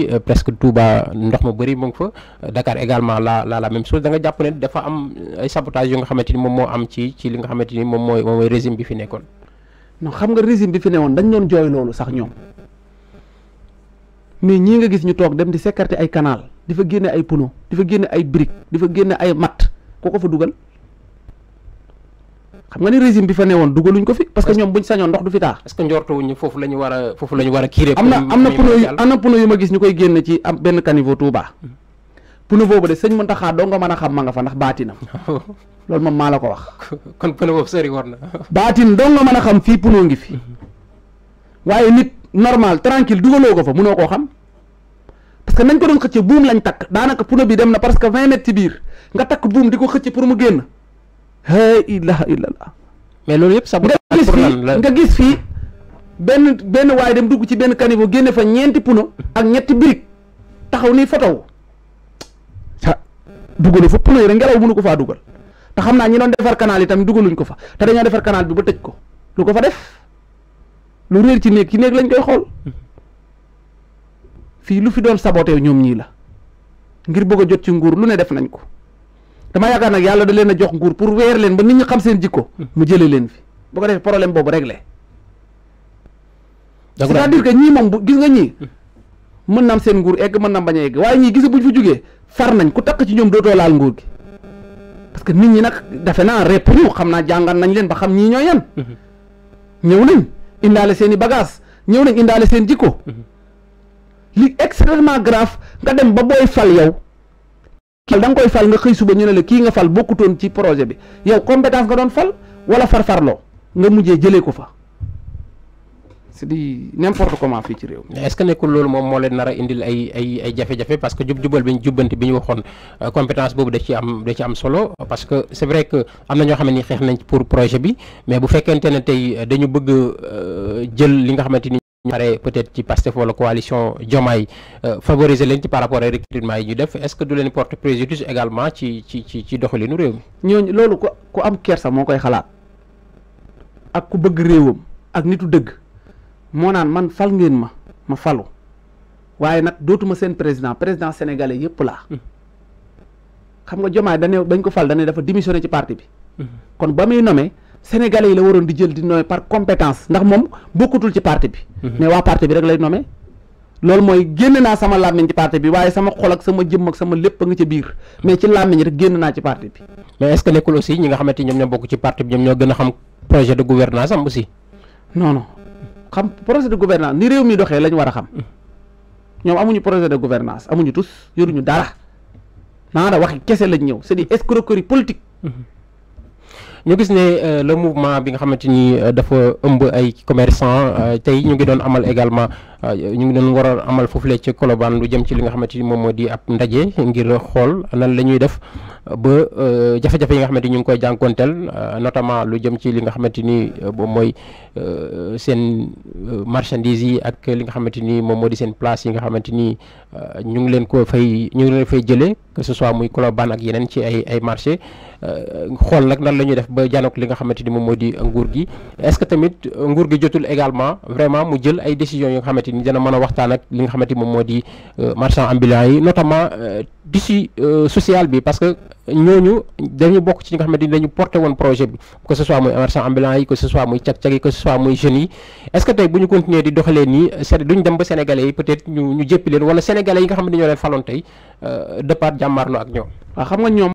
Euh, presque Touba ndox mu bëri mu ngi fa Dakar également la la la même chose da nga jàpp ne dafa am euh, ay sabotage yu nga xamante ni moom moo am ci ci li nga xamante ni moom mooy moom mooy régime bi fi nekkoon non xam nga régime bi fi woon dañ doon jooy loolu sax ñoom mais ñii nga gis ñu toog dem di sécréter ay kanaal dafa fa génne ay pono di fa génne ay brique dafa fa génne ay matt koo ko fa dugal xam nga ni régime bi fa newoon dugaluñ ko fi parce que ñoom buñ sañoon ndox du fi taax est que njortuwuñ foofu a foofu la ñu war a kiire am na am yu ma gis ñu koy génn ci am benn caniveau Touba mm-hmm. pneu boobu de sëñ Muntaxa doo nga mën a xam ma nga fa ndax baatinam loolu moom maa la ko wax kon pneu boobu sori war na baatin doo nga man a xam fii pneu ngi fi mm-hmm. waaye nit normal tranquille dugaloo ko fa mënoo koo xam parce que nañ ko doon xëcce buum lañ daanaka pneu bi dem na parce que vingt mètres ci biir nga takk buum di ko xëcce pour mu génn hay ilaha illallah mais loolu yëpp sabu nga gis fii ben ben fii dem dugg ci benn caniveau génne fa ñeenti puno ak ñetti taxaw fa puno rek ngelaw mënu ko faa dugal te xam ñi doon defar canal yi tamit ko fa te dañoo defar canal bi ba tëj ko lu ko fa def lu réer ci néeg ci lañ koy lu fi doon saboté ñom ñi la ngir bëgg jot ci nguur lu ne def nañ ko dama yaakaar nag yàlla da leena jox nguur pour wer leen ba nit ñi xam seen jikko mu jëlee leen fi bu ko def problème bobu régler c'est-à-dire que ñi mom gis nga ñi mën na am seen nguur egg mën na bañ egg waaye ñi gis buñ fi jógee far nañ ku tak ci ñoom dootoo laal nguur gi parce que nit ñi nak defe na répp xamna jangal nañ leen ba xam ñi ñoy yan ñew nañ indaale seen bagage ñew nañ indaale seen jikko mm-hmm. li extrêmement grave nga dem ba boy fal yow fal dang koy fal nga xey suba ñu ne la ki nga fal bokkutoon ci projet bi yow compétence nga doon fal wala far farlo nga mujjé jëlé ko fa c'est di n'importe comment fi ci rew mi est-ce que nekul lool mom mo leen nara indil ay ay ay jafé jafé parce que jub jubal biñu ñu biñu waxon euh, compétence bobu da ci am da ci am solo parce que c'est vrai que amna ño xamanteni xex nañ pour projet bi mais bu fekkentene tay dañu bëgg euh, jël li nga xamanteni ñu pare peut-être ci Pastef wala coalition Diomaye euh, favoriser leen ci par rapport ay recrutement yi ñu def est-ce que du leen porte préjudice également ci ci ci ci doxalinu réew mi. ñooñu loolu ko ku am kersa moo koy xalaat ak ku bëgg réewam ak nitu dëgg moo naan man fal ngeen ma ma falu waaye nag dootuma seen président président sénégalais yépp laa. Mm. xam nga Diomaye dañ dañ ko fal dañ dafa démissionné ci parti bi. Mm-hmm. kon ba muy nommé sénégalais yi la waroon di jël di nommer par compétence ndax moom bokkutul ci parti bi. Mhm. mais waa parti bi rek lay nommer. loolu mooy génn naa sama làmmiñ ci parti bi waaye sama xol ak sama jëm ak sama lépp a nga ca biir mais ci làmmiñ rek génn naa ci parti bi. mais est nekkul aussi ñi nga xamante ñoom ñoo bokk ci parti bi ñoom ñoo gën a xam projet de gouvernance am aussi. non non xam projet de gouvernance ni réew mi doxee lañ war a xam mhm. ñoom amuñu projet de gouvernance amuñu tus yoruñu dara naa da waxi kese lañ ñëw c'est des escroqueries politiques. Mhm. ñu gis né euh, le mouvement bi nga xamanteni euh, dafa ëmb ay commerçants euh, tay ñu ngi doon amal également ñu ngi doon war a amal foofule ci Colobane lu jëm ci li nga xamanteni mom modi di ab ndaje ngir xol nan lañuy def ba jafé euh, jafé yi nga xamanteni ñu ngi koy jankontel euh, notamment lu jëm ci li nga xamanteni bo euh, moy sen marchandise yi ak li nga xamanteni ni modi sen di place yi nga xamanteni ni ñu ngi leen ko fay ñu ngi leen fay jëlé que ce soit muy Colobane ak yenen ci ay ay marché xol nak nan lañuy def ba janok li nga xamanteni mom modi di nguur gi est-ce que tamit nguur gi jotul également vraiment mu jël ay décision yi nga xamante ni dana mën a waxtaan ak li nga xamante moom moo di euh, marchand ambulant yi notamment euh, tissu euh, social bi parce que ñooñu dañu bokk ci ñi nga xamante ni dañu porté woon projet bi que ce soit muy marchand ambulant yi que ce soit muy cag-cag yi que ce muy jeunes yi est tey bu ñu continuer di doxalee nii c'est duñ dem ba sénégalais yi peut-être ñu ñu jéppi leen wala sénégalais yi nga xamante ñoo leen faloon tey départ jàmmaarloo ak ñoom